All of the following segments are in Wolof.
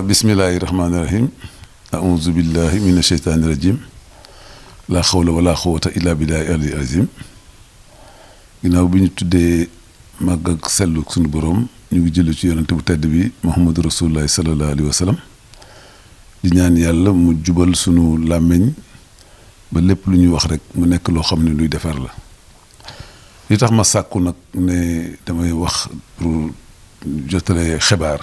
بسم الله الرحمن الرحيم أعوذ بالله من الشيطان الرجيم لا حول ولا قوة إلا بالله العلي العظيم ginnaaw bi ñu tuddee màgg ak sellu suñu borom ñu ngi jëlu ci yonante bu tedd bi Muhammadu Rasulullahi sallallahu alayhi wa sallam di yàlla mu jubal sunu lamin. ba lépp lu ñuy wax rek mu nekk loo xam ne luy defar la li tax ma sàkku nag ne damay wax pour jotalee xibaar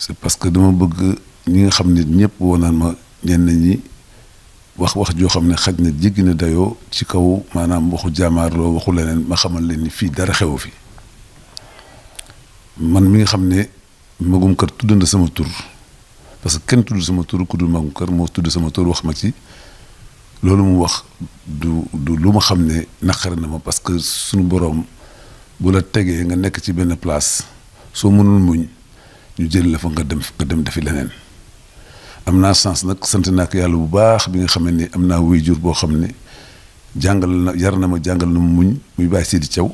c'est parce que dama bëgg ñi nga xam ne ñëpp woo naan ma ñenn ñi wax wax joo xam ne xaj na jéggi na dayoo ci kaw maanaam waxu jaamaarloo waxu leneen ma xamal leen ni fii dara xewu fi man mi nga xam ne magum kër tudd sama tur parce que kenn tudd sama tur ku dul magum kër moo tudd sama tur wax ma ci loolu mu wax du du lu ma xam ne naqari na ma parce que suñu boroom bu la tegee nga nekk ci benn place soo mënul muñ ñu jël la fa nga dem nga dem defi leneen am naa sens nag sant naa ko yàlla bu baax bi nga xam ne am naa wuy jur boo xam ne jàngal na yar na ma jàngal na mu muñ muy bàyyi Sidi Thiaw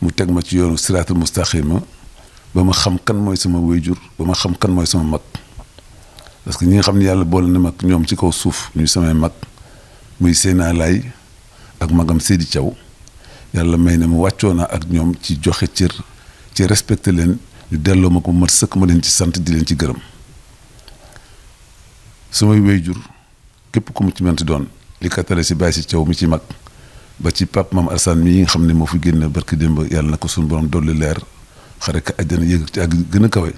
mu teg ma ci yoonu siraatul mustaqima ba ma xam kan mooy sama wuy jur ba ma xam kan mooy sama mag parce que ñi nga xam ne yàlla boole na mag ñoom ci kaw suuf ñuy samay mag muy Seyna Laay ak magam Sidi Thiaw yàlla may na mu wàccoo naa ak ñoom ci joxe cër ci respecté leen ñu delloo ma ko mat sëkk ma leen ci sant di leen ci gërëm samay wéyjur képp ku mu ci mënti doon li kattale si bàyyi si caw mi ci mag ba ci pap maam Arsane mii nga xam ne moo fi génn barki démb yàlla na ko suñu borom dolli leer xare ka àjjana yëg ci àgg gën a kawe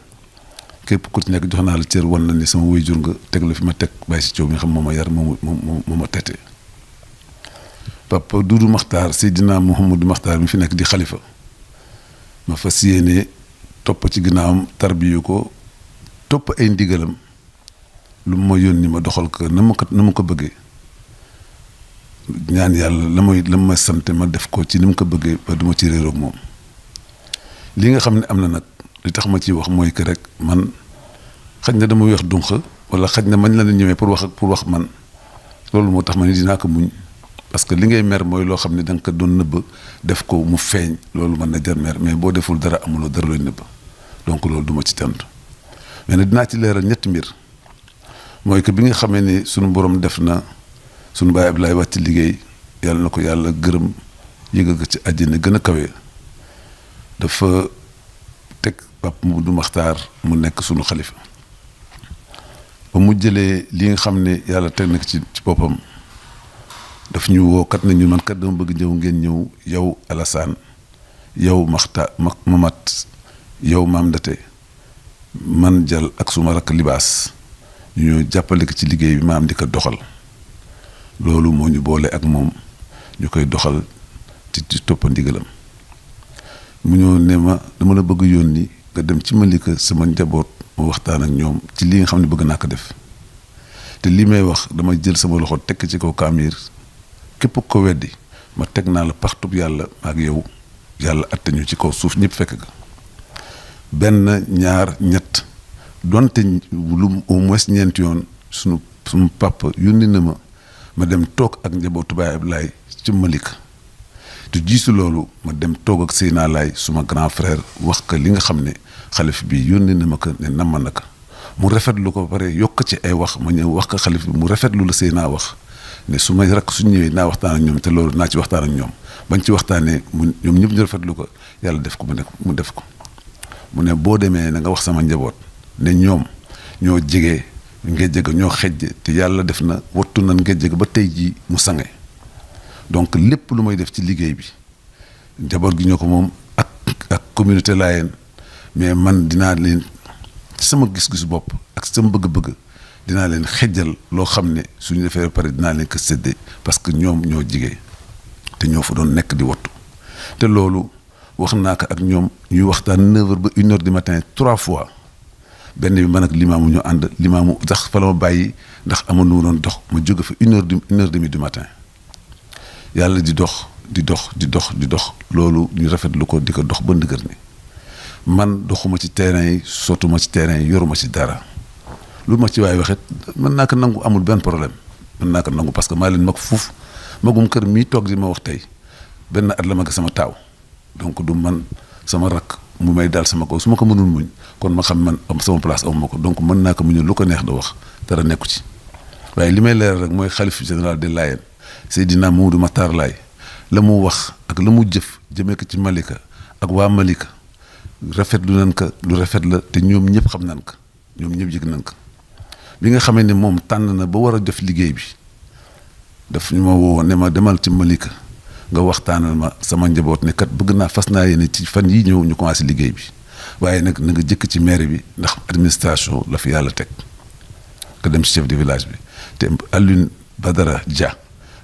képp ku ci nekk jox naa la cër wan na ni sama wéyjur nga teg la fi ma teg bàyyi si caw mi nga xam moo ma yar moo ma moo ma tete papa Doudou Makhtar Seydina Mouhamadou Makhtar mi fi nekk di xalifa ma fas yéene topp ci ginnaawam tarbiyu ko topp ay ndigalam lu ma yónni ma doxal ko na ma ko na ma ko bëggee ñaan yàlla la may la ma sant ma def ko ci ni mu ko bëggee ba duma ci réeroog moom li nga xam ne am na nag li tax ma ciy wax mooy que rek man xaj na dama weex dunq wala xaj na mañ la na ñëwee pour wax ak pour wax man loolu moo tax ma ni dinaa ko muñ parce que li ngay mer mooy loo xam ne da nga ko doon nëbb def ko mu feeñ loolu mën na jar mer mais boo deful dara amuloo dara looy nëbb donc loolu duma ci tontu mais nag dinaa ci leeral ñetti mbir mooy que bi nga xamee ni sunu borom def na sunu baay Abdoulaye wàcc liggéey yàlla na ko yàlla gërëm yëgal ko ci àjjana gën a kawe dafa teg Pape Modou Makhtar mu nekk sunu xalifa ba mu jëlee li nga xam ne yàlla teg na ci ci boppam daf ñu woo kat nañu man kat dama bëgg ñëw ngeen ñëw yow Alassane yow Makhtar Mamat yow maam Ndate man jal ak suma rakk libaas ñu ñoo jàppale ko ci liggéey bi maam di ko doxal loolu moo ñu boole ak moom ñu koy doxal ci ci toppa ndigalam mu ñëw ne ma dama la bëgg yoon ni nga dem ci Malika sama njaboot ma waxtaan ak ñoom ci li nga xam ne bëgg naa ko def te li may wax dama jël sama loxo tekk ci kaw kaamir képp ko weddi ma teg naa la paxtub yàlla ak yow yàlla atte ñu ci kaw suuf ñëpp fekk ga benn ñaar ñett donte lu au moins ñeenti yoon sunu sunu papa yónni na ma ma dem toog ak njabootu Baay Ablaay ci Malika te jiisu loolu ma dem toog ak Seyna Laay suma grand frère wax ko li nga xam ne xalif bi yónni na ma ko ne namm na ko mu rafetlu ko ba pare yokk ci ay wax ma ñëw wax ko xalif bi mu rafetlu la naa wax ne su ma rakk suñu ñëwee naa waxtaan ak ñoom te loolu naa ci waxtaan ak ñoom bañ ci waxtaanee mu ñoom ñëpp ñu rafetlu ko yàlla def ko mu nekk mu def ko. mu ne boo demee na nga wax sama njaboot ne ñoom ñoo jege ngéjje ga ñoo xejje te yàlla def na wattu na ngéjje ga ba tey jii mu sange donc lépp lu may def ci liggéey bi njaboot gi ñoo ko moom ak ak communauté laayeen mais man dinaa leen sama gis-gis bopp ak sama bëgg-bëgg dinaa leen xejjal loo xam ne suñu defee pare dinaa leen ko séddee parce que ñoom ñoo jigee te ñoo fa doon nekk di wattu te loolu wax naa ko ak ñoom ñuy waxtaan 9 ba 1h du matin trois fois benn bi man ak limaamu ñu ànd limaamu sax fa la ma bàyyi ndax amal nu doon dox ma jóge fa une heure du une matin yàlla di dox di dox di dox di dox loolu ñu rafetlu ko di ko dox ba ndëgër ni man doxuma ci terrain yi sotuma ci terrain yi yoruma ci dara lu ma ci waaye waxit mën naa ko nangu amul benn problème mën naa ko nangu parce que maa leen mag fuuf magum kër mii toog di ma wax tey benn at la ma sama taaw donc du man sama rakk mu may daal sama ko su ma ko mënul muñ kon ma xam man am sama place am ma ko donc mën naa ko mu muñu lu ko neex da wax dara nekku ci waaye li may leeral rek mooy xalif général de dinaa Seydina Mamadou ma Laye la mu wax ak la mu jëf jëmee ko ci Malika ak waa Malika rafet lu nan ko lu rafet la te ñoom ñëpp xam nan ko ñoom ñëpp yëg nan ko bi nga xamee ne moom tànn na ba war a def liggéey bi daf ñu ma woo ne ma demal ci Malika nga waxtaanal ma sama njaboot ne bëgg naa fas naa yéene ci fan yii ñëw ñu commencé liggéey bi waaye nag na nga jëkk ci maire bi ndax administration la fi yàlla teg nga dem ci chef de village bi te ba dara Dia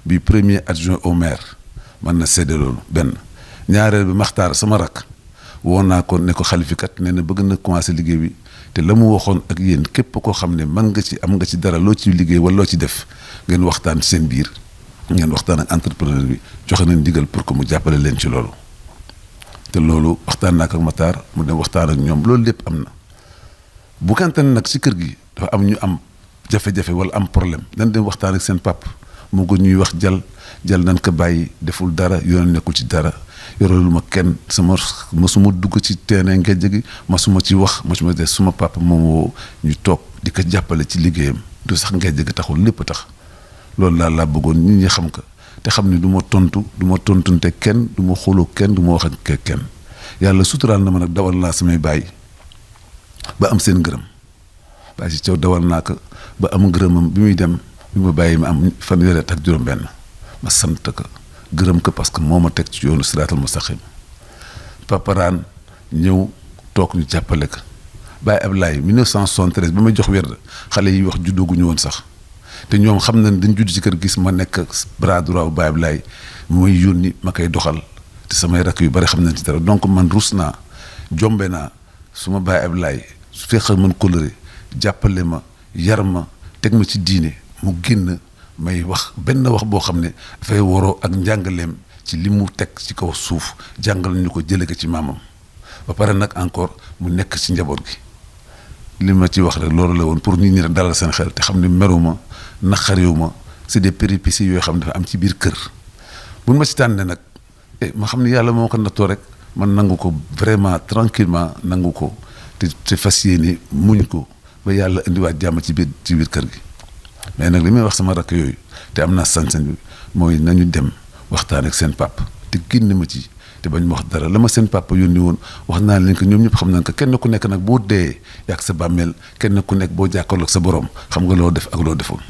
bi premier adjoint au maire mën na sédd loolu benn ñaareel bi Maxtaar sama rak woon naa ko ne ko xalifikat nee na bëgg na commencé liggéey bi te la mu waxoon ak yéen képp koo xam ne mën nga ci am nga ci dara loo ci liggéey wala loo ci def ngeen waxtaan seen biir ñen waxtaan ak entrepreneur bi joxe nañ digal pour que mu jappalé len ci lolu té lolu waxtaan nak ak Matar mu dem waxtaan ak ñom lolu lepp am na bu kantane nak ci kër gi dafa am ñu am jafe-jafe wala am problème dañ dem waxtaan ak sen pap mu ko ñuy wax jal jal nañ ko bayyi deful dara yoon neeku ci dara yorelu ma kenn sama masuma dugg ci téne ngejj gi masuma ci wax masuma suma papa momo ñu toog di ko jappalé ci liggéeyam du sax gi taxul lepp tax loolu daal laa bëggoon nit ñi xam ko te xam ne du ma tontu du ma tontunte kenn du ma xuloo kenn du ma wax ak kenn yàlla suturaal na ma nag dawal naa samay baay ba am seen ngërëm baay si dawal naa ko ba am ngërëmam bi muy dem bi ma bàyyi ma am fanweeri at ak juróom ma sant ko gërëm ko parce que moo ma teg ci yoonu siraatal mustaqim paparaan ñëw toog ñu jàppale ko Baye Ablaye 1973 ba may jox wér xale yi wax juddoo gu ñu woon sax. te ñoom xam nañ dañ judd ci kër gis ma nekk bras droit bu Baye Ablaye muy yónni ma koy doxal te samay rakk yu bari xam nañ ci dara donc man rus naa jombe naa su ma Baye Ablaye su fekkee man coloré jàppale ma yar ma teg ma ci diine mu génn may wax benn wax boo xam ne dafay waroo ak njàngaleem ci li mu teg ci kaw suuf jàngal ñu ko jëlee ko ci maamam ba pare nag encore mu nekk ci njaboot gi. li ma ci wax rek loolu la woon pour nit ñi rek dalal seen xel te xam ne meruma naqariwuma c'est des péripéties yoo xam ne dafa am ci biir kër buñ ma ci tànnee nag eh, ma xam ne yàlla moo ko nattoo rek man nangu ko vraiment tranquillement nangu ko te te fas yéene muñ ko ba yàlla indiwaat jàmm ci biir ci biir kër gi mais nag li may wax sama rakk yooyu te am naa sañ-sañ bi mooy nañu dem waxtaan ak seen pap te génn ma ci te bañ ma wax dara la ma seen papa yónni woon wax naa leen ko ñoom ñëpp xam nañ ko kenn ku nekk nag boo dee yàgg sa bàmmeel kenn ku nekk boo jàkkaarloog sa borom xam nga loo def ak loo defoon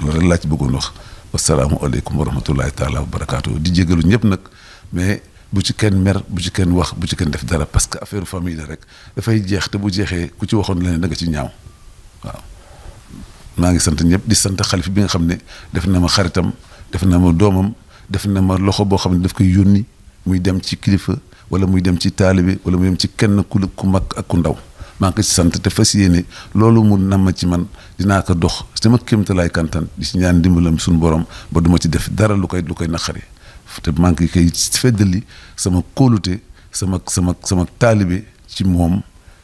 loolu rek laa ci bëggoon wax wasalaamualeykum wa rahmatullahi taala wa barakaatu di jégalu ñëpp nag mais bu ci kenn mer bu ci kenn wax bu ci kenn def dara parce que affaire famille rek dafay jeex te bu jeexee ku ci waxoon leneen danga nga ci ñaaw waaw maa ngi sant ñëpp di sant xalif bi nga xam ne def na ma xaritam def na ma doomam def na ma loxo boo xam ne daf koy yónni muy dem ci kilifa wala muy dem ci taalibe wala muy dem ci kenn ku ku mag ak ku ndaw maa ngi ko ci sant te fas yéene loolu mu nam ma ci man dinaa ko dox sama kéemtalaay kantan di si ñaan dimbalam suñu borom ba duma ci def dara lu koy lu koy naqari te maa ngi koy feddali sama kóolute sama sama sama taalibe ci moom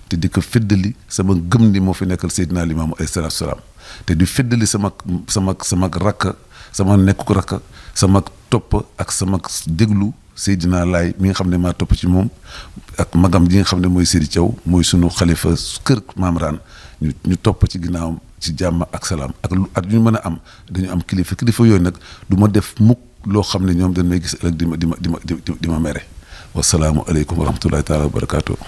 te di ko feddali sama gëm ni moo fi nekkal Seydina Limaamu alayhi salaatu salaam te di feddali sama sama sama rakk sama nekku rakk sama topp ak sama déglu Seydina Laay mi nga xam ne maa topp ci moom ak magam ji nga xam ne mooy Seydi caw mooy sunu xalifa kër Maam Raan ñu topp ci ginnaawam ci jàmm ak salaam ak lu ñu mën a am dañu am kilifa kilifa yooyu nag du ma def mukk loo xam ne ñoom dañ may gis ëllëg di ma di ma di ma di ma mere wasalaamualeykum wa rahmatullahi taala wa barakaatu.